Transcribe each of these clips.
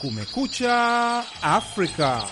Kumekucha Afrika.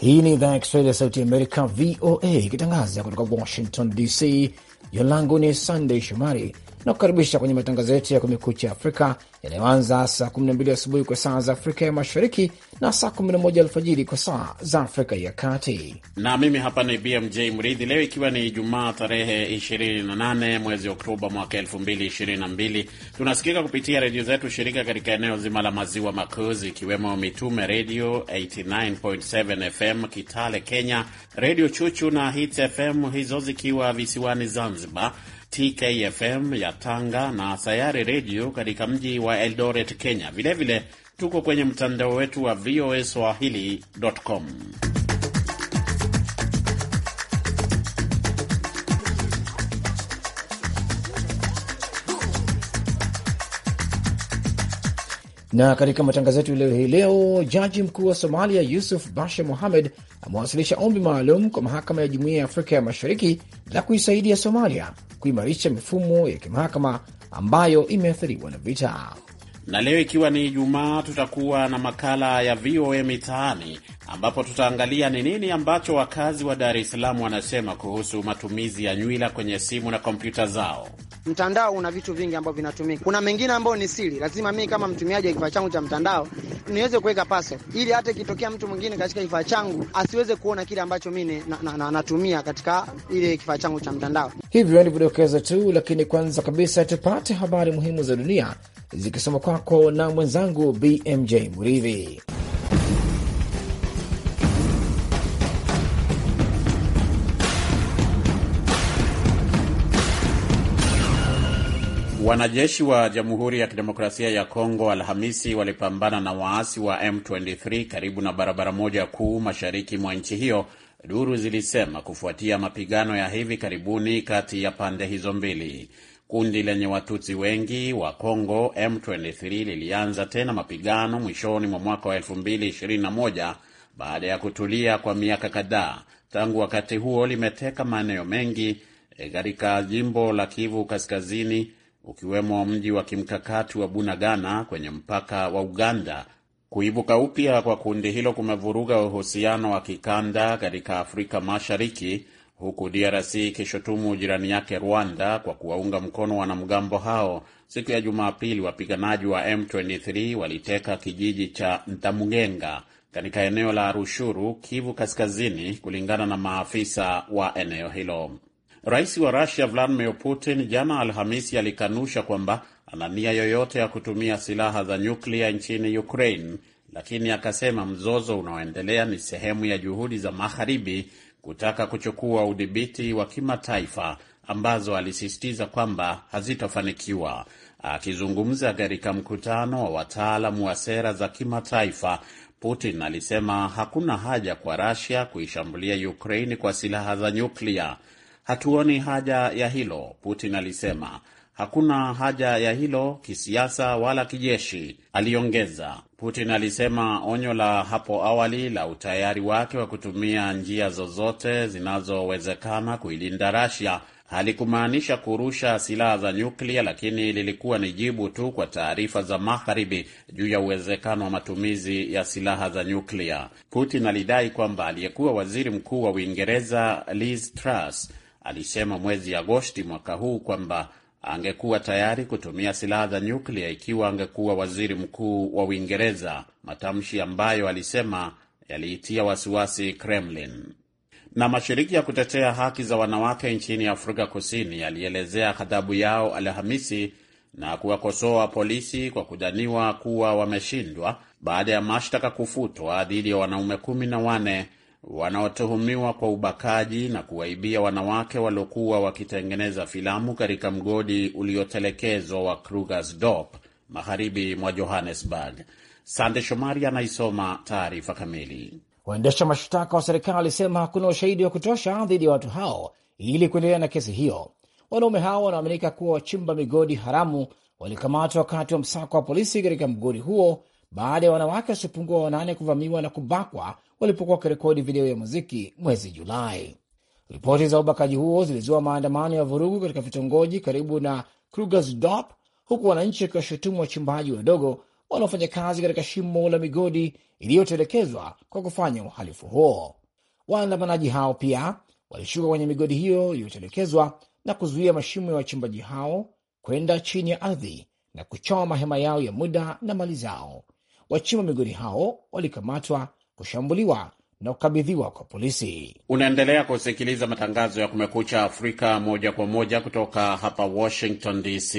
Hii ni idhaa ya Kiswahili ya Sauti Amerika, VOA, ikitangaza kutoka Washington DC. Jina langu ni Sandey Shomari na kukaribisha kwenye matangazo yetu ya Kumekucha Afrika yanayoanza saa 12 asubuhi kwa saa za Afrika ya Mashariki na saa 11 alfajiri kwa saa za Afrika ya Kati. Na mimi hapa ni BMJ Mridhi. Leo ikiwa ni Ijumaa tarehe 28 mwezi Oktoba mwaka 2022, tunasikika kupitia redio zetu shirika katika eneo zima la maziwa makuu zikiwemo Mitume Redio 89.7 FM Kitale Kenya, Redio Chuchu na Hit FM, hizo zikiwa visiwani Zanzibar, TKFM ya Tanga na Sayari Redio katika mji wa Eldoret, Kenya. Vilevile vile, tuko kwenye mtandao wetu wa voa swahili.com. Na katika matangazo yetu leo hii leo, jaji mkuu wa Somalia Yusuf bashe Mohamed amewasilisha ombi maalum kwa mahakama ya Jumuiya ya Afrika ya Mashariki la kuisaidia Somalia kuimarisha mifumo ya kimahakama ambayo imeathiriwa na vita. Na leo ikiwa ni Ijumaa, tutakuwa na makala ya VOA Mitaani ambapo tutaangalia ni nini ambacho wakazi wa Dar es Salaam wanasema kuhusu matumizi ya nywila kwenye simu na kompyuta zao mtandao una vitu vingi ambavyo vinatumika. Kuna mengine ambayo ni siri, lazima mimi kama mtumiaji wa kifaa changu cha mtandao niweze kuweka password, ili hata ikitokea mtu mwingine katika kifaa changu asiweze kuona kile ambacho mimi na, na, na, natumia katika ile kifaa changu cha mtandao. Hivyo ni vidokezo tu, lakini kwanza kabisa tupate habari muhimu za dunia zikisoma kwako na mwenzangu BMJ Muridhi. Wanajeshi wa Jamhuri ya Kidemokrasia ya Kongo Alhamisi walipambana na waasi wa M23 karibu na barabara moja kuu mashariki mwa nchi hiyo, duru zilisema, kufuatia mapigano ya hivi karibuni kati ya pande hizo mbili. Kundi lenye Watutsi wengi wa Kongo M23 lilianza tena mapigano mwishoni mwa mwaka wa 2021 baada ya kutulia kwa miaka kadhaa. Tangu wakati huo limeteka maeneo mengi eh, katika jimbo la Kivu Kaskazini, ukiwemo mji wa kimkakati wa Bunagana kwenye mpaka wa Uganda. Kuibuka upya kwa kundi hilo kumevuruga uhusiano wa kikanda katika Afrika Mashariki, huku DRC ikishutumu jirani yake Rwanda kwa kuwaunga mkono wanamgambo hao. Siku ya Jumapili, wapiganaji wa M23 waliteka kijiji cha Ntamugenga katika eneo la Rushuru, Kivu Kaskazini, kulingana na maafisa wa eneo hilo. Rais wa Rusia Vladimir Putin jana Alhamisi alikanusha kwamba ana nia yoyote ya kutumia silaha za nyuklia nchini Ukraine, lakini akasema mzozo unaoendelea ni sehemu ya juhudi za magharibi kutaka kuchukua udhibiti wa kimataifa ambazo alisisitiza kwamba hazitafanikiwa. Akizungumza katika mkutano wa wataalamu wa sera za kimataifa, Putin alisema hakuna haja kwa rasia kuishambulia Ukraini kwa silaha za nyuklia hatuoni haja ya hilo, Putin alisema. Hakuna haja ya hilo kisiasa wala kijeshi, aliongeza. Putin alisema onyo la hapo awali la utayari wake wa kutumia njia zozote zinazowezekana kuilinda Russia halikumaanisha kurusha silaha za nyuklia, lakini lilikuwa ni jibu tu kwa taarifa za magharibi juu ya uwezekano wa matumizi ya silaha za nyuklia. Putin alidai kwamba aliyekuwa waziri mkuu wa Uingereza Liz Truss alisema mwezi Agosti mwaka huu kwamba angekuwa tayari kutumia silaha za nyuklia ikiwa angekuwa waziri mkuu wa Uingereza, matamshi ambayo alisema yaliitia wasiwasi Kremlin. Na mashiriki ya kutetea haki za wanawake nchini Afrika Kusini yalielezea ghadhabu yao Alhamisi na kuwakosoa polisi kwa kudhaniwa kuwa wameshindwa baada ya mashtaka kufutwa dhidi ya wanaume kumi na wane wanaotuhumiwa kwa ubakaji na kuwaibia wanawake waliokuwa wakitengeneza filamu katika mgodi uliotelekezwa wa Krugersdorp magharibi mwa Johannesburg. Sande Shomari anaisoma taarifa kamili. Waendesha mashtaka wa serikali walisema hakuna ushahidi wa kutosha dhidi ya watu hao ili kuendelea na kesi hiyo. Wanaume hao wanaaminika kuwa wachimba migodi haramu walikamatwa wakati wa msako wa polisi katika mgodi huo baada ya wanawake wasiopungua wanane kuvamiwa na kubakwa walipokuwa wakirekodi video ya muziki mwezi Julai. Ripoti za ubakaji huo zilizua maandamano ya vurugu katika vitongoji karibu na Krugersdorp, huku wananchi wakiwashutumu wachimbaji wadogo wanaofanya kazi katika shimo la migodi iliyotelekezwa kwa kufanya uhalifu huo. Waandamanaji hao pia walishuka kwenye migodi hiyo iliyotelekezwa na kuzuia mashimo ya wachimbaji hao kwenda chini ya ardhi na kuchoma mahema yao ya muda na mali zao, wachima migodi hao walikamatwa, kushambuliwa na kukabidhiwa kwa polisi. Unaendelea kusikiliza matangazo ya Kumekucha Afrika moja kwa moja kutoka hapa Washington DC.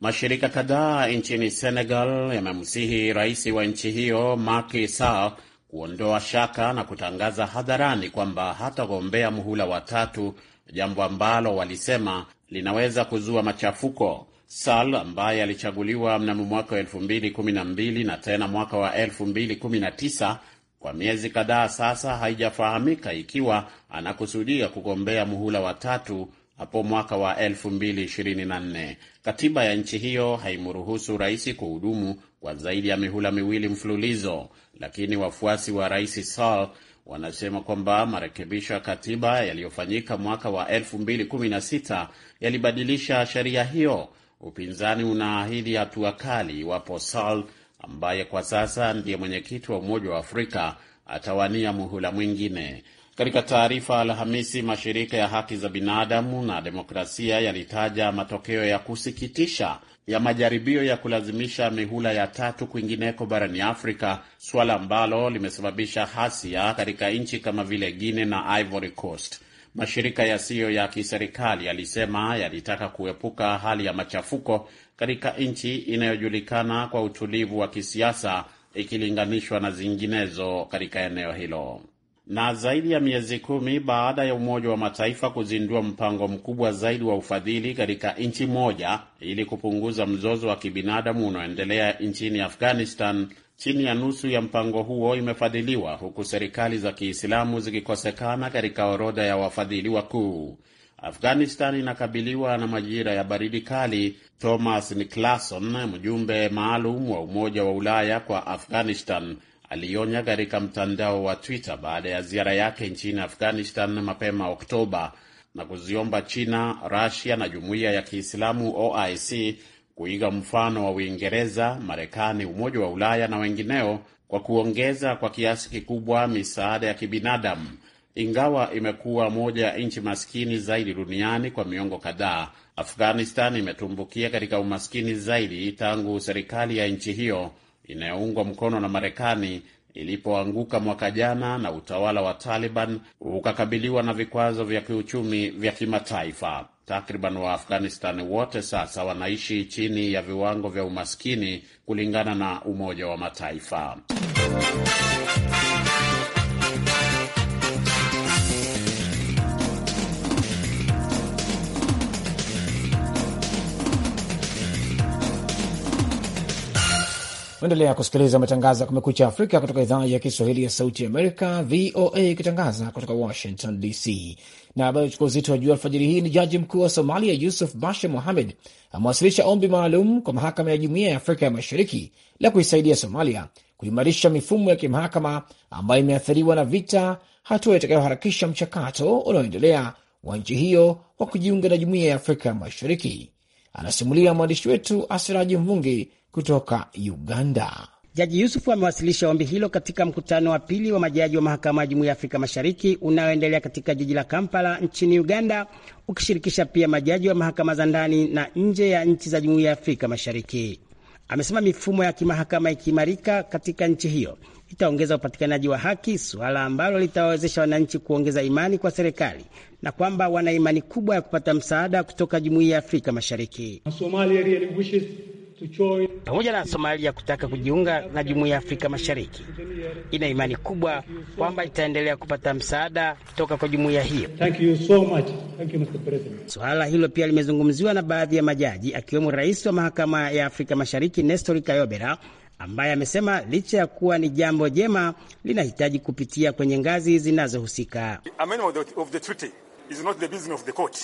Mashirika kadhaa nchini Senegal yamemsihi rais wa nchi hiyo Macky Sall kuondoa shaka na kutangaza hadharani kwamba hatagombea muhula wa tatu, jambo ambalo walisema linaweza kuzua machafuko sal ambaye alichaguliwa mnamo mwaka wa 2012 na tena mwaka wa 219 kwa miezi kadhaa sasa haijafahamika ikiwa anakusudia kugombea muhula wa tatu hapo mwaka wa 224 Katiba ya nchi hiyo haimruhusu rais kuhudumu kwa zaidi ya mihula miwili mfululizo, lakini wafuasi wa rais sal wanasema kwamba marekebisho ya katiba yaliyofanyika mwaka wa 216 yalibadilisha sheria hiyo Upinzani unaahidi hatua kali iwapo Sall ambaye kwa sasa ndiye mwenyekiti wa Umoja wa Afrika atawania muhula mwingine. Katika taarifa Alhamisi, mashirika ya haki za binadamu na demokrasia yalitaja matokeo ya kusikitisha ya majaribio ya kulazimisha mihula ya tatu kwingineko barani Afrika, suala ambalo limesababisha hasia katika nchi kama vile Guinea na Ivory Coast mashirika yasiyo ya kiserikali yalisema yalitaka kuepuka hali ya machafuko katika nchi inayojulikana kwa utulivu wa kisiasa ikilinganishwa na zinginezo katika eneo hilo. Na zaidi ya miezi kumi baada ya Umoja wa Mataifa kuzindua mpango mkubwa zaidi wa ufadhili katika nchi moja ili kupunguza mzozo wa kibinadamu unaoendelea nchini Afghanistan, Chini ya nusu ya mpango huo imefadhiliwa huku serikali za Kiislamu zikikosekana katika orodha ya wafadhili wakuu. Afghanistan inakabiliwa na majira ya baridi kali. Thomas Niclason, mjumbe maalum wa Umoja wa Ulaya kwa Afghanistan, alionya katika mtandao wa Twitter baada ya ziara yake nchini Afghanistan mapema Oktoba na kuziomba China, Rusia na jumuiya ya Kiislamu OIC kuiga mfano wa Uingereza, Marekani, Umoja wa Ulaya na wengineo kwa kuongeza kwa kiasi kikubwa misaada ya kibinadamu, ingawa imekuwa moja ya nchi maskini zaidi duniani kwa miongo kadhaa. Afghanistan imetumbukia katika umaskini zaidi tangu serikali ya nchi hiyo inayoungwa mkono na Marekani ilipoanguka mwaka jana na utawala wa Taliban ukakabiliwa na vikwazo vya kiuchumi vya kimataifa. Takriban Waafghanistani wote sasa wanaishi chini ya viwango vya umaskini kulingana na Umoja wa Mataifa. Endelea kusikiliza matangazo ya Kumekucha Afrika kutoka idhaa ya Kiswahili ya Sauti Amerika, VOA, ikitangaza kutoka Washington DC. Na habari uchukua uzito wa juu alfajiri hii ni jaji mkuu wa Somalia Yusuf Bashe Mohamed amewasilisha ombi maalum kwa mahakama ya Jumuiya ya Afrika ya Mashariki la kuisaidia Somalia kuimarisha mifumo ya kimahakama ambayo imeathiriwa na vita, hatua itakayoharakisha mchakato unaoendelea wa nchi hiyo wa kujiunga na Jumuiya ya Afrika ya Mashariki. Anasimulia mwandishi wetu Asiraji Mvungi kutoka Uganda. Jaji Yusufu amewasilisha ombi hilo katika mkutano wa pili wa majaji wa mahakama ya jumuiya ya Afrika Mashariki unaoendelea katika jiji la Kampala nchini Uganda, ukishirikisha pia majaji wa mahakama za ndani na nje ya nchi za jumuiya ya Afrika Mashariki. Amesema mifumo ya kimahakama ikiimarika katika nchi hiyo itaongeza upatikanaji wa haki, suala ambalo litawawezesha wananchi kuongeza imani kwa serikali na kwamba wana imani kubwa ya kupata msaada kutoka jumuiya ya Afrika Mashariki. Somalia really pamoja na Somalia kutaka kujiunga na jumuiya ya Afrika Mashariki, ina imani kubwa kwamba itaendelea kupata msaada kutoka kwa jumuiya hiyo. So suala hilo pia limezungumziwa na baadhi ya majaji akiwemo rais wa mahakama ya Afrika Mashariki Nestori Kayobera ambaye amesema licha ya kuwa ni jambo jema linahitaji kupitia kwenye ngazi zinazohusika is not the business of the court.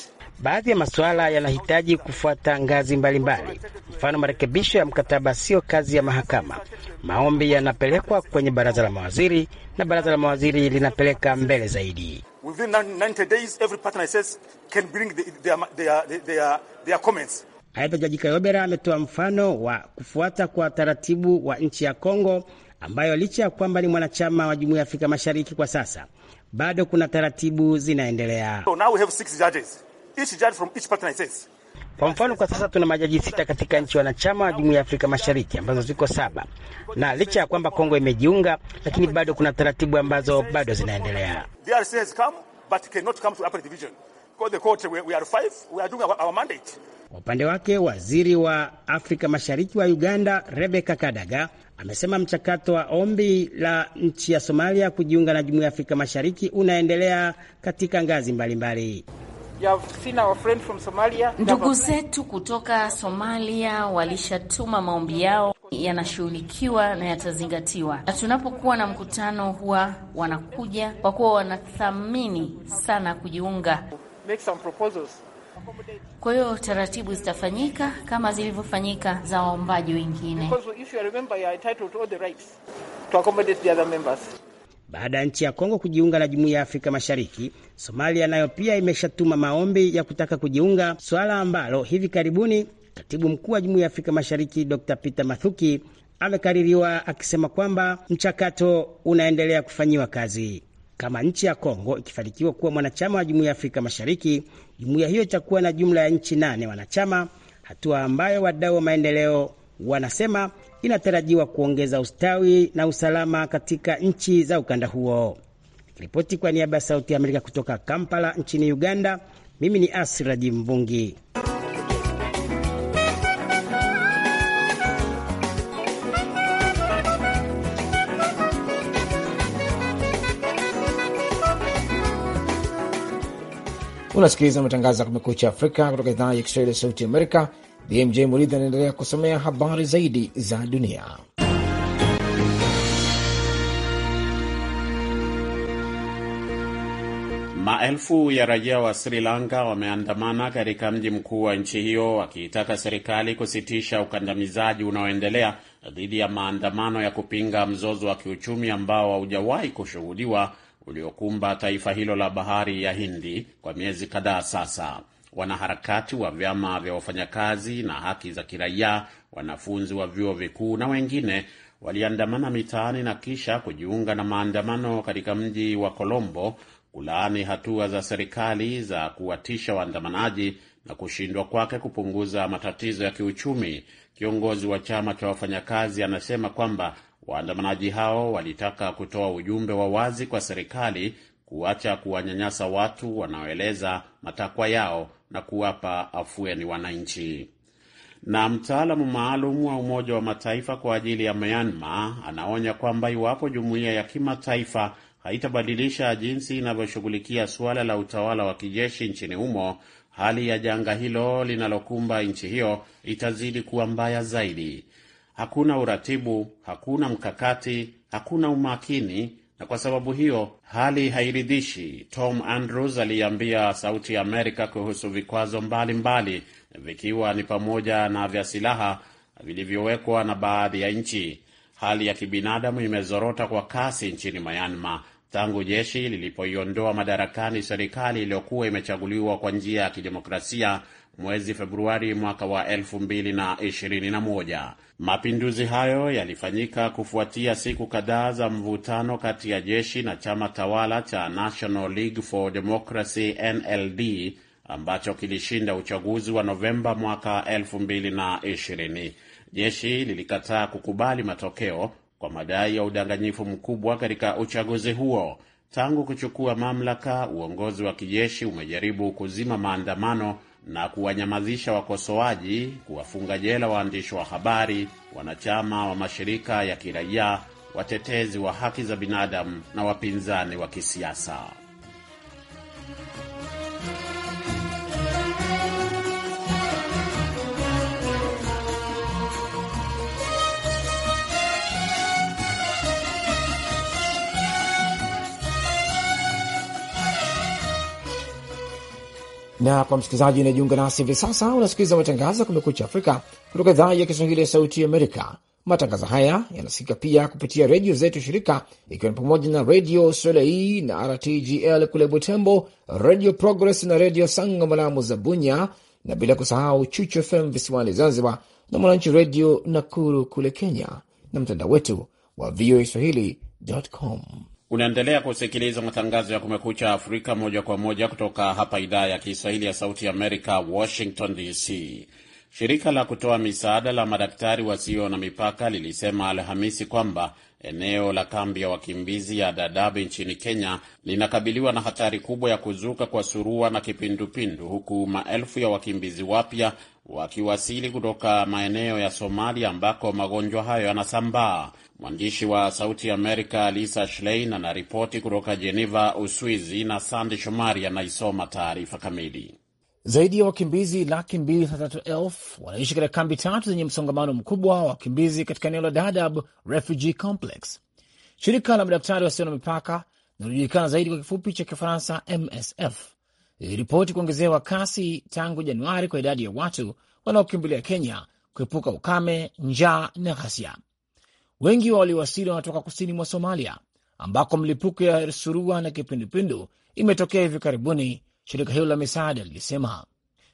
Baadhi ya masuala yanahitaji kufuata ngazi mbalimbali. Mfano, marekebisho ya mkataba siyo kazi ya mahakama. Maombi yanapelekwa kwenye baraza la mawaziri na baraza la mawaziri linapeleka mbele zaidi. Within 90 days, every partner says can bring the, their, their, their, their comments. Aidha, Jaji Kayobera ametoa mfano wa kufuata kwa taratibu wa nchi ya Kongo ambayo licha ya kwamba ni mwanachama wa Jumuiya ya Afrika Mashariki kwa sasa bado kuna taratibu zinaendelea. So now we have six judges. Each judge from each partner says. Kwa mfano kwa sasa tuna majaji sita katika nchi wanachama wa Jumuiya ya Afrika Mashariki ambazo ziko saba, na licha ya kwamba Kongo imejiunga, lakini bado kuna taratibu ambazo bado zinaendelea. Kwa upande wake waziri wa Afrika Mashariki wa Uganda Rebecca Kadaga amesema mchakato wa ombi la nchi ya Somalia kujiunga na jumuiya ya Afrika Mashariki unaendelea katika ngazi mbalimbali mbali. Ndugu zetu kutoka Somalia walishatuma maombi yao, yanashughulikiwa na yatazingatiwa, na tunapokuwa na mkutano huwa wanakuja, kwa kuwa wanathamini sana kujiunga. Make some proposals. Kwa hiyo taratibu zitafanyika kama zilivyofanyika za waombaji wengine. Baada ya nchi ya Kongo kujiunga na jumuiya ya Afrika Mashariki, Somalia nayo pia imeshatuma maombi ya kutaka kujiunga, suala ambalo hivi karibuni katibu mkuu wa jumuiya ya Afrika Mashariki Dr Peter Mathuki amekaririwa akisema kwamba mchakato unaendelea kufanyiwa kazi. Kama nchi ya Kongo ikifanikiwa kuwa mwanachama wa jumuiya ya Afrika Mashariki, jumuiya hiyo itakuwa na jumla ya nchi nane wanachama, hatua ambayo wadau wa maendeleo wanasema inatarajiwa kuongeza ustawi na usalama katika nchi za ukanda huo. Ripoti kwa niaba ya Sauti ya Amerika kutoka Kampala nchini Uganda, mimi ni Asiraji Mvungi. Unasikiliza matangazo ya Kumekucha Afrika kutoka idhaa ya Kiswahili ya Sauti Amerika. BMJ Muridhi anaendelea kusomea habari zaidi za dunia. Maelfu ya raia wa Sri Lanka wameandamana katika mji mkuu wa nchi hiyo wakiitaka serikali kusitisha ukandamizaji unaoendelea dhidi ya maandamano ya kupinga mzozo wa kiuchumi ambao haujawahi kushuhudiwa uliokumba taifa hilo la bahari ya Hindi kwa miezi kadhaa sasa. Wanaharakati wa vyama vya wafanyakazi na haki za kiraia, wanafunzi wa vyuo vikuu na wengine waliandamana mitaani na kisha kujiunga na maandamano katika mji wa Colombo kulaani hatua za serikali za kuwatisha waandamanaji na kushindwa kwake kupunguza matatizo ya kiuchumi. Kiongozi wa chama cha wafanyakazi anasema kwamba Waandamanaji hao walitaka kutoa ujumbe wa wazi kwa serikali kuacha kuwanyanyasa watu wanaoeleza matakwa yao na kuwapa afueni wananchi. Na mtaalamu maalum wa Umoja wa Mataifa kwa ajili ya Myanmar anaonya kwamba iwapo jumuiya ya kimataifa haitabadilisha jinsi inavyoshughulikia suala la utawala wa kijeshi nchini humo, hali ya janga hilo linalokumba nchi hiyo itazidi kuwa mbaya zaidi hakuna uratibu, hakuna mkakati, hakuna umakini, na kwa sababu hiyo hali hairidhishi, Tom Andrews aliambia Sauti ya Amerika kuhusu vikwazo mbalimbali mbali, vikiwa ni pamoja na vya silaha vilivyowekwa na baadhi ya nchi. Hali ya kibinadamu imezorota kwa kasi nchini Myanmar tangu jeshi lilipoiondoa madarakani serikali iliyokuwa imechaguliwa kwa njia ya kidemokrasia mwezi Februari mwaka wa 2021. Mapinduzi hayo yalifanyika kufuatia siku kadhaa za mvutano kati ya jeshi na chama tawala cha National League for Democracy NLD ambacho kilishinda uchaguzi wa Novemba mwaka 2020. Jeshi lilikataa kukubali matokeo kwa madai ya udanganyifu mkubwa katika uchaguzi huo. Tangu kuchukua mamlaka, uongozi wa kijeshi umejaribu kuzima maandamano na kuwanyamazisha wakosoaji, kuwafunga jela waandishi wa habari, wanachama wa mashirika ya kiraia, watetezi wa haki za binadamu na wapinzani wa kisiasa. Na kwa msikilizaji unajiunga nasi hivi sasa, unasikiliza matangazo ya Kumekucha Afrika kutoka idhaa ya Kiswahili ya Sauti Amerika. Matangazo haya yanasikika pia kupitia redio zetu shirika, ikiwa ni pamoja na Redio Solei na RTGL kule Butembo, Redio Progress na Redio Sango Malamu za Bunya, na bila kusahau Chuchu FM visiwani Zanzibar, na Mwananchi Redio Nakuru kule Kenya, na mtandao wetu wa VOA swahili.com. Unaendelea kusikiliza matangazo ya Kumekucha Afrika moja kwa moja kutoka hapa idhaa ya Kiswahili ya Sauti Amerika, Washington DC. Shirika la kutoa misaada la Madaktari Wasio na Mipaka lilisema Alhamisi kwamba eneo la kambi ya wakimbizi ya Dadaab nchini Kenya linakabiliwa na hatari kubwa ya kuzuka kwa surua na kipindupindu, huku maelfu ya wakimbizi wapya wakiwasili kutoka maeneo ya Somalia ambako magonjwa hayo yanasambaa. Mwandishi wa Sauti ya Amerika Lisa Schlein anaripoti kutoka Jeneva, Uswizi, na sande Shomari anaisoma taarifa kamili. Zaidi ya wakimbizi laki mbili na tatu elfu wanaishi katika kambi tatu zenye msongamano mkubwa wa wakimbizi katika eneo la Dadaab Refugee Complex. Shirika la madaktari wasio na mipaka linalojulikana zaidi kwa kifupi cha Kifaransa MSF liliripoti kuongezewa kasi tangu Januari kwa idadi ya watu wanaokimbilia Kenya kuepuka ukame, njaa na ghasia. Wengi wa waliowasili wanatoka kusini mwa Somalia ambako mlipuko ya surua na kipindupindu imetokea hivi karibuni, shirika hilo la misaada lilisema.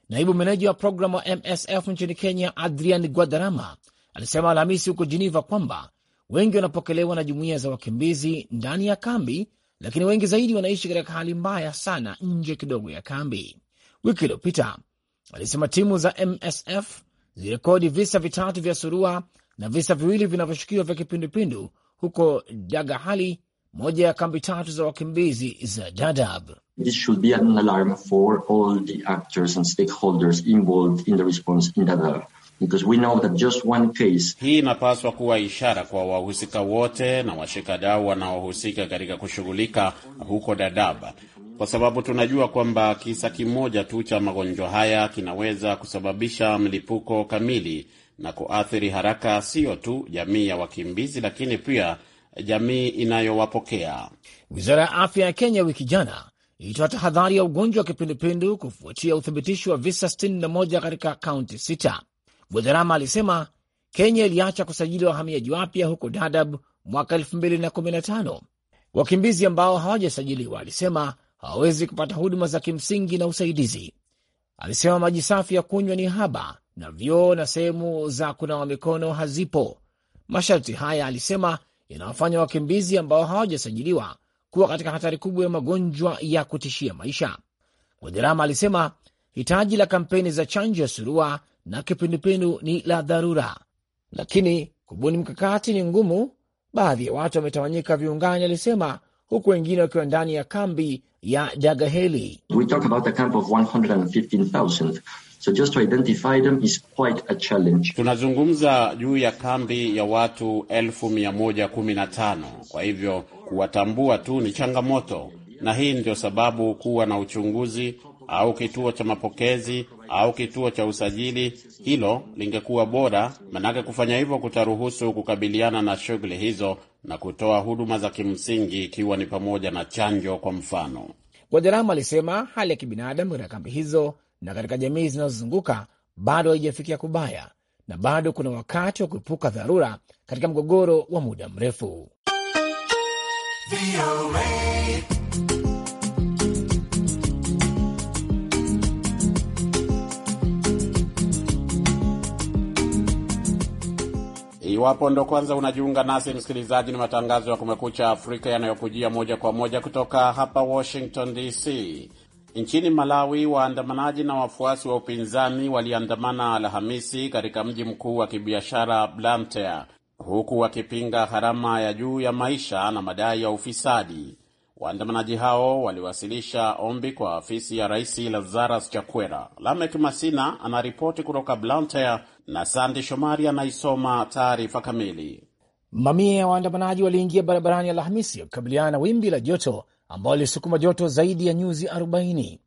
Naibu meneja wa programu wa MSF nchini Kenya, Adrian Guadarama, alisema Alhamisi huko Geneva kwamba wengi wanapokelewa na jumuiya za wakimbizi ndani ya kambi, lakini wengi zaidi wanaishi katika hali mbaya sana nje kidogo ya kambi. Wiki iliyopita, alisema timu za MSF zirekodi visa vitatu vya surua na visa viwili vinavyoshukiwa vya kipindupindu huko Dagahali, moja ya kambi tatu za wakimbizi za Dadaab. Hii inapaswa kuwa ishara kwa wahusika wote na washikadau wanaohusika katika kushughulika huko Dadaab, kwa sababu tunajua kwamba kisa kimoja tu cha magonjwa haya kinaweza kusababisha mlipuko kamili na kuathiri haraka siyo tu jamii ya wakimbizi, lakini pia jamii inayowapokea. Wizara ya afya ya Kenya wiki jana ilitoa tahadhari ya ugonjwa wa kipindupindu kufuatia uthibitisho wa visa 61 katika kaunti sita. Bwadharama alisema Kenya iliacha kusajili wahamiaji wapya huko Dadab mwaka 2015. Wakimbizi ambao hawajasajiliwa, alisema, hawawezi kupata huduma za kimsingi na usaidizi. Alisema maji safi ya kunywa ni haba na vyoo na sehemu za kunawa mikono hazipo. Masharti haya, alisema, yanawafanya wakimbizi ambao hawajasajiliwa kuwa katika hatari kubwa ya magonjwa ya kutishia maisha. Gwadarama alisema hitaji la kampeni za chanjo ya surua na kipindupindu ni la dharura, lakini kubuni mkakati ni ngumu. Baadhi ya watu wametawanyika viungani, alisema, huku wengine wakiwa ndani ya kambi ya Dagaheli. We talk about camp of 115,000. So just to identify them is quite a challenge. Tunazungumza juu ya kambi ya watu elfu mia moja kumi na tano. Kwa hivyo kuwatambua tu ni changamoto, na hii ndio sababu kuwa na uchunguzi au kituo cha mapokezi au kituo cha usajili, hilo lingekuwa bora, manake kufanya hivyo kutaruhusu kukabiliana na shughuli hizo na kutoa huduma za kimsingi, ikiwa ni pamoja na chanjo, kwa mfano. kwa jarama alisema hali ya kibinadamu katika kambi hizo na katika jamii zinazozunguka bado haijafikia kubaya, na bado kuna wakati wa kuepuka dharura katika mgogoro wa muda mrefu. Iwapo ndo kwanza unajiunga nasi msikilizaji, ni matangazo ya Kumekucha Afrika yanayokujia moja kwa moja kutoka hapa Washington DC. Nchini Malawi, waandamanaji na wafuasi wa upinzani waliandamana Alhamisi katika mji mkuu wa kibiashara Blantyre, huku wakipinga gharama ya juu ya maisha na madai ya ufisadi. Waandamanaji hao waliwasilisha ombi kwa afisi ya rais Lazarus Chakwera. Lamek Masina anaripoti kutoka Blantyre na Sandi Shomari anaisoma taarifa kamili. Mamia ya waandamanaji waliingia barabarani Alhamisi wakikabiliana na wimbi la joto ambao ilisukuma joto zaidi ya nyuzi 40.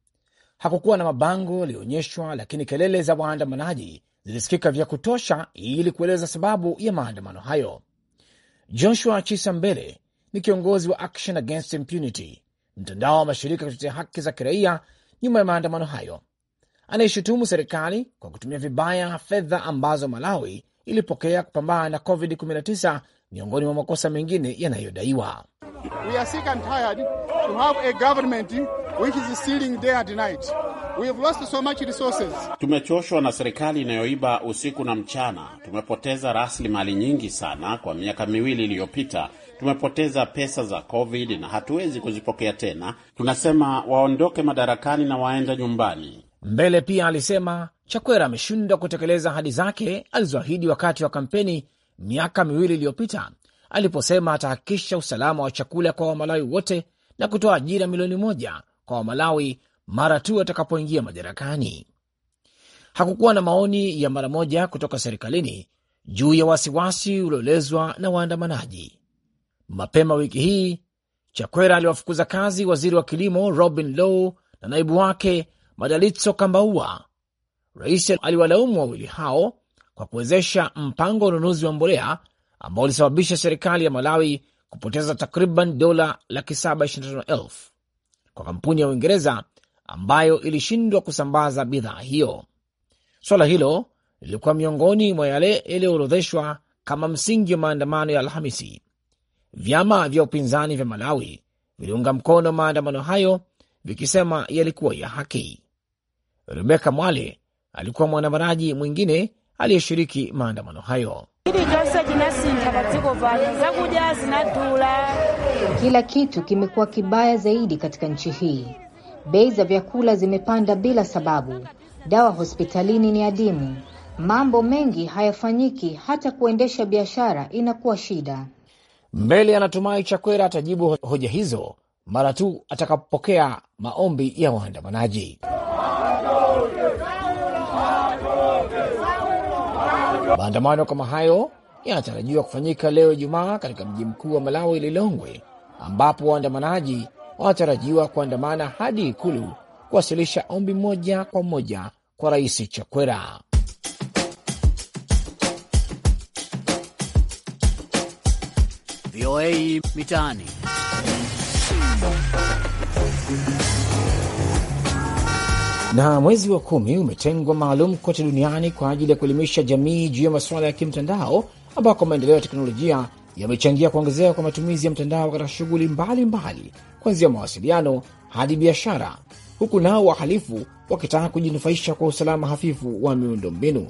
Hakukuwa na mabango yaliyoonyeshwa, lakini kelele za waandamanaji zilisikika vya kutosha ili kueleza sababu ya maandamano hayo. Joshua Chisambele ni kiongozi wa Action Against Impunity, mtandao wa mashirika ya kutetea haki za kiraia nyuma ya maandamano hayo. anayeshutumu serikali kwa kutumia vibaya fedha ambazo Malawi ilipokea kupambana na COVID-19 miongoni mwa makosa mengine yanayodaiwa. Tumechoshwa na serikali inayoiba usiku na mchana. Tumepoteza rasilimali nyingi sana kwa miaka miwili iliyopita. Tumepoteza pesa za COVID na hatuwezi kuzipokea tena. Tunasema waondoke madarakani na waenda nyumbani. Mbele pia alisema Chakwera ameshindwa kutekeleza ahadi zake alizoahidi wakati wa kampeni miaka miwili iliyopita aliposema atahakikisha usalama wa chakula kwa Wamalawi wote na kutoa ajira milioni moja kwa Wamalawi mara tu atakapoingia madarakani. Hakukuwa na maoni ya mara moja kutoka serikalini juu ya wasiwasi ulioelezwa na waandamanaji. Mapema wiki hii, Chakwera aliwafukuza kazi waziri wa kilimo Robin Low na naibu wake Madalitso Kambaua. Rais aliwalaumu wawili hao kwa kuwezesha mpango wa ununuzi wa mbolea ambao ulisababisha serikali ya Malawi kupoteza takriban dola laki saba ishirini na tano elfu kwa kampuni ya Uingereza ambayo ilishindwa kusambaza bidhaa hiyo. Swala hilo lilikuwa miongoni mwa yale yaliyoorodheshwa kama msingi wa maandamano ya Alhamisi. Vyama vya upinzani vya Malawi viliunga mkono maandamano hayo vikisema yalikuwa ya haki. Rebeka Mwale alikuwa mwandamanaji mwingine aliyeshiriki maandamano hayo. Kila kitu kimekuwa kibaya zaidi katika nchi hii. Bei za vyakula zimepanda bila sababu, dawa hospitalini ni adimu, mambo mengi hayafanyiki, hata kuendesha biashara inakuwa shida. Mbele anatumai Chakwera atajibu hoja hizo mara tu atakapopokea maombi ya waandamanaji. Maandamano kama hayo yanatarajiwa kufanyika leo Ijumaa katika mji mkuu wa Malawi, Lilongwe, ambapo waandamanaji wanatarajiwa kuandamana hadi Ikulu kuwasilisha ombi moja kwa moja kwa Rais Chakwera. VOA Mitaani. Na mwezi wa kumi umetengwa maalum kote duniani kwa ajili ya kuelimisha jamii juu ya masuala ya kimtandao, ambako maendeleo ya teknolojia yamechangia kuongezeka kwa matumizi ya mtandao katika shughuli mbalimbali, kuanzia mawasiliano hadi biashara, huku nao wahalifu wakitaka kujinufaisha kwa usalama hafifu wa miundombinu.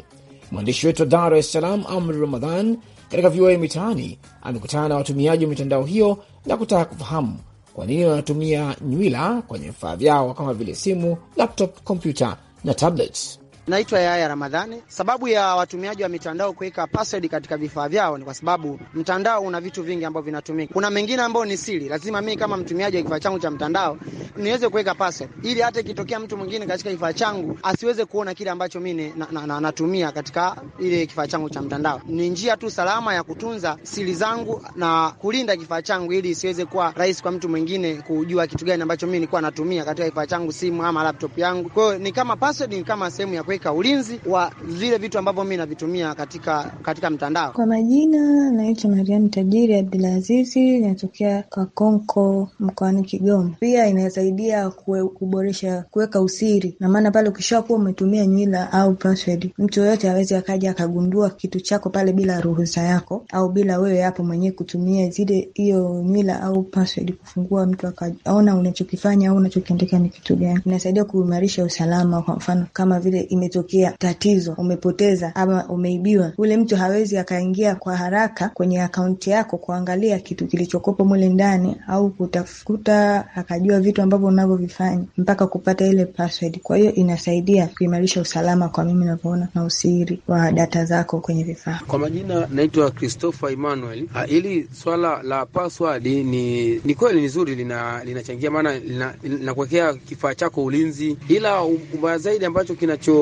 Mwandishi wetu wa Dar es Salaam, Amri Ramadhan, katika VOA Mitaani amekutana na watumiaji wa mitandao hiyo na kutaka kufahamu kwanini wanatumia nywila kwenye vifaa vyao kama vile simu, laptop, kompyuta na tablet. Naitwa Yaya Ramadhani. Sababu ya watumiaji wa mitandao kuweka password katika vifaa vyao ni kwa sababu mtandao una vitu vingi ambavyo vinatumika. Kuna mengine ambayo ni siri, lazima mimi kama mtumiaji wa kifaa changu cha mtandao niweze kuweka password, ili hata ikitokea mtu mwingine katika kifaa changu asiweze kuona kile ambacho mimi na, na, na, katika ile kifaa changu cha mtandao. Ni njia tu salama ya kutunza siri zangu na kulinda kifaa changu, ili isiweze kuwa rahisi kwa mtu mwingine kujua kitu gani ambacho mimi nilikuwa natumia katika kifaa changu, simu ama laptop yangu. Kwa hiyo ni kama password, ni kama sehemu ya kuweka kuweka ulinzi wa vile vitu ambavyo mi navitumia katika, katika mtandao. Kwa majina naitwa Mariam Tajiri Abdulazizi, inatokea Kakonko mkoani Kigoma. Pia inasaidia kuboresha kuweka usiri, na maana pale ukishakuwa umetumia nywila au password, mtu yoyote awezi akaja akagundua kitu chako pale bila ruhusa yako au bila wewe hapo mwenyewe kutumia zile hiyo nywila au password kufungua, mtu akaona unachokifanya au unachokiandika ni kitu gani. Inasaidia kuimarisha usalama, kwa mfano kama vile ime kumetokea tatizo, umepoteza ama umeibiwa, ule mtu hawezi akaingia kwa haraka kwenye akaunti yako kuangalia kitu kilichokopo mule ndani au kutafuta akajua vitu ambavyo unavyovifanya mpaka kupata ile password. Kwa hiyo inasaidia kuimarisha usalama, kwa mimi navyoona, na usiri wa data zako kwenye vifaa. Kwa majina naitwa Christopher Emmanuel. Ah, hili swala la password ni ni kweli ni zuri, linachangia lina maana linakuwekea lina kifaa chako ulinzi, ila ubaya zaidi ambacho kinacho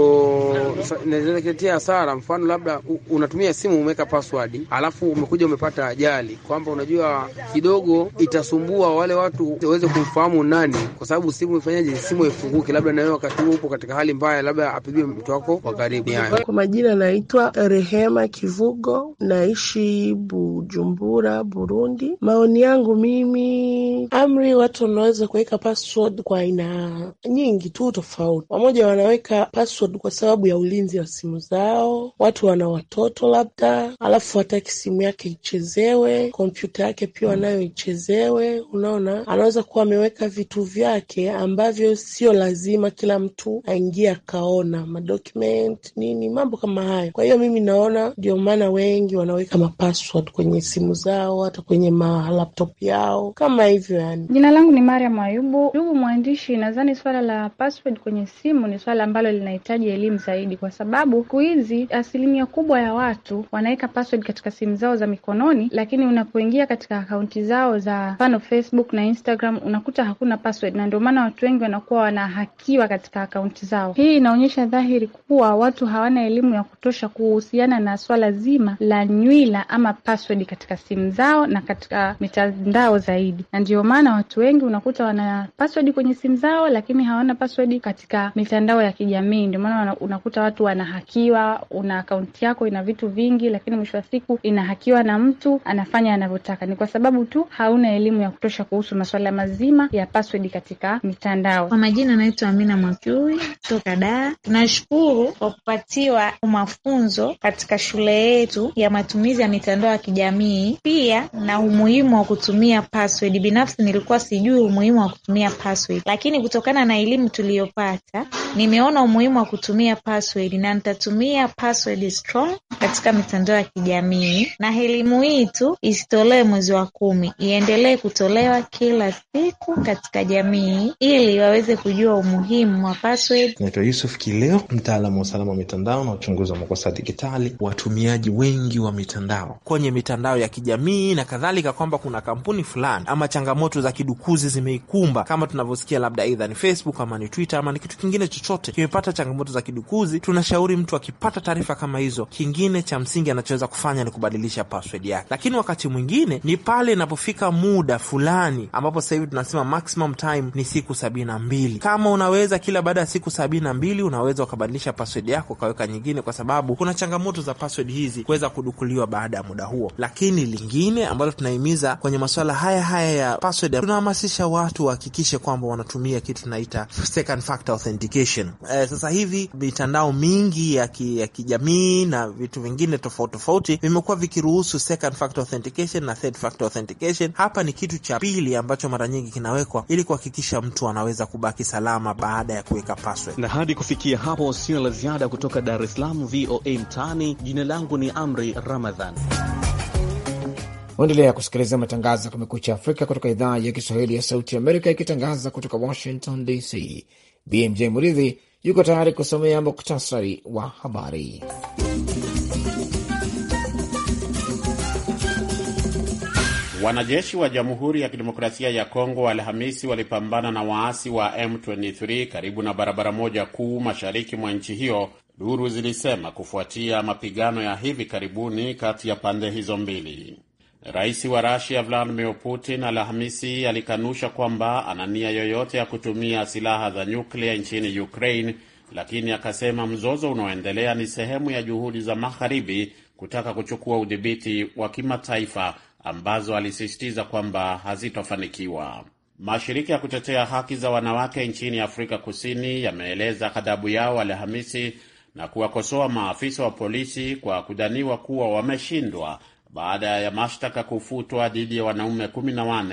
inaletea hasara. Mfano, labda unatumia simu umeweka password, alafu umekuja umepata ajali, kwamba unajua kidogo itasumbua wale watu waweze kumfahamu nani, kwa sababu simu ifanyaje, simu ifunguke, labda na wewe wakati huo upo katika hali mbaya, labda apigie mtu wako wa karibu. Kwa majina naitwa Rehema Kivugo, naishi Bujumbura, Burundi. Maoni yangu mimi, amri watu wanaweza kuweka password kwa aina nyingi tu tofauti. Wamoja wanaweka password kwa sababu ya ulinzi wa simu zao. Watu wana watoto labda, alafu hataki simu yake ichezewe, kompyuta yake pia wanayo ichezewe. Unaona, anaweza kuwa ameweka vitu vyake ambavyo sio lazima kila mtu aingie akaona, madocument nini, mambo kama hayo. Kwa hiyo mimi naona ndio maana wengi wanaweka mapassword kwenye simu zao, hata kwenye malaptop yao kama hivyo yani. Jina langu ni Mariam Ayubu. Ndugu mwandishi, nadhani swala la password kwenye simu ni swala ambalo linahitaji wanahitaji elimu zaidi, kwa sababu siku hizi asilimia kubwa ya watu wanaweka password katika simu zao za mikononi, lakini unapoingia katika akaunti zao za mfano Facebook na Instagram unakuta hakuna password, na ndio maana watu wengi wanakuwa wanahakiwa katika akaunti zao. Hii inaonyesha dhahiri kuwa watu hawana elimu ya kutosha kuhusiana na swala zima la nywila ama password katika simu zao na katika mitandao zaidi, na ndio maana watu wengi unakuta wana password kwenye simu zao, lakini hawana password katika mitandao ya kijamii, ndio maana sana unakuta watu wanahakiwa, una akaunti yako ina vitu vingi, lakini mwisho wa siku inahakiwa na mtu anafanya anavyotaka. Ni kwa sababu tu hauna elimu ya kutosha kuhusu masuala mazima ya password katika mitandao. Kwa majina anaitwa Amina Mwakiui toka Daa. Tunashukuru kwa kupatiwa mafunzo katika shule yetu ya matumizi ya mitandao ya kijamii, pia na umuhimu wa kutumia password. Binafsi nilikuwa sijui umuhimu wa kutumia password, lakini kutokana na elimu tuliyopata Nimeona umuhimu wa kutumia password na nitatumia password strong katika mitandao ya kijamii na elimu hii tu isitolewe mwezi wa kumi, iendelee kutolewa kila siku katika jamii ili waweze kujua umuhimu wa password. Naitwa Yusuf Kileo, mtaalamu wa usalama wa mitandao na uchunguzi wa makosa ya digitali. Watumiaji wengi wa mitandao kwenye mitandao ya kijamii na kadhalika, kwamba kuna kampuni fulani ama changamoto za kidukuzi zimeikumba kama tunavyosikia, labda aidha ni Facebook ama ni Twitter ama ni kitu kingine chochote chochote kimepata changamoto za kidukuzi, tunashauri mtu akipata taarifa kama hizo, kingine cha msingi anachoweza kufanya ni kubadilisha password yake. Lakini wakati mwingine ni pale inapofika muda fulani ambapo sasa hivi tunasema maximum time ni siku sabini na mbili. Kama unaweza kila baada ya siku sabini na mbili unaweza ukabadilisha password yako ukaweka nyingine, kwa sababu kuna changamoto za password hizi kuweza kudukuliwa baada ya muda huo. Lakini lingine ambalo tunahimiza kwenye masuala haya haya ya password, tunahamasisha watu wahakikishe kwamba wanatumia kitu tunaita second factor authentication education. E, sasa hivi mitandao mingi ya kijamii ya ki na vitu vingine tofauti tofauti vimekuwa vikiruhusu second factor authentication na third factor authentication. Hapa ni kitu cha pili ambacho mara nyingi kinawekwa ili kuhakikisha mtu anaweza kubaki salama baada ya kuweka password. Na hadi kufikia hapo, sina la ziada kutoka Dar es Salaam, VOA Mtaani. Jina langu ni Amri Ramadhan. uendelea kusikiliza matangazo ya Kumekucha Afrika kutoka idhaa ya Kiswahili ya Sauti ya Amerika, ikitangaza kutoka Washington DC. BMJ Muridhi yuko tayari kusomea muktasari wa habari. Wanajeshi wa Jamhuri ya Kidemokrasia ya Kongo Alhamisi walipambana na waasi wa M23 karibu na barabara moja kuu mashariki mwa nchi hiyo, duru zilisema, kufuatia mapigano ya hivi karibuni kati ya pande hizo mbili. Rais wa Rusia Vladimir Putin Alhamisi alikanusha kwamba ana nia yoyote ya kutumia silaha za nyuklia nchini Ukraine, lakini akasema mzozo unaoendelea ni sehemu ya juhudi za magharibi kutaka kuchukua udhibiti wa kimataifa ambazo alisisitiza kwamba hazitofanikiwa. Mashirika ya kutetea haki za wanawake nchini Afrika Kusini yameeleza ghadhabu yao Alhamisi na kuwakosoa maafisa wa polisi kwa kudhaniwa kuwa wameshindwa baada ya mashtaka kufutwa dhidi ya wanaume kumi na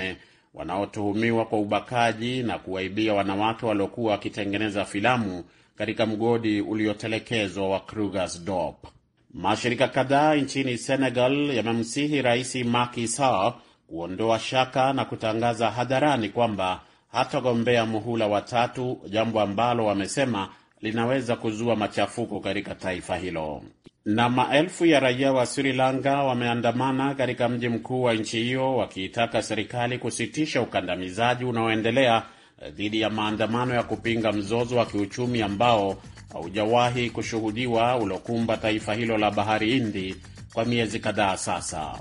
wanaotuhumiwa kwa ubakaji na kuwaibia wanawake waliokuwa wakitengeneza filamu katika mgodi uliotelekezwa wa dop Mashirika kadhaa nchini Senegal yamemsihi Rais Macky Sall kuondoa shaka na kutangaza hadharani kwamba hatagombea muhula wa tatu, jambo ambalo wamesema linaweza kuzua machafuko katika taifa hilo. Na maelfu ya raia wa Sri Lanka wameandamana katika mji mkuu wa nchi hiyo wakiitaka serikali kusitisha ukandamizaji unaoendelea dhidi ya maandamano ya kupinga mzozo wa kiuchumi ambao haujawahi kushuhudiwa uliokumba taifa hilo la bahari Hindi kwa miezi kadhaa sasa.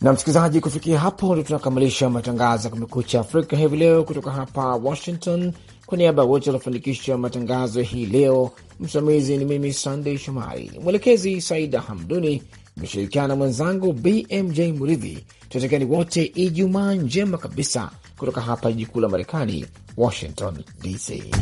Na msikilizaji, kufikia hapo ndio tunakamilisha matangazo ya Kumekucha Afrika hivi leo kutoka hapa Washington. Kwa niaba ya wote wanafanikisha matangazo hii leo, msimamizi ni mimi Sandey Shomari, mwelekezi Saida Hamduni, imeshirikiana na mwenzangu BMJ Muridhi. Tunatekani wote Ijumaa njema kabisa kutoka hapa jiji kuu la Marekani, Washington DC.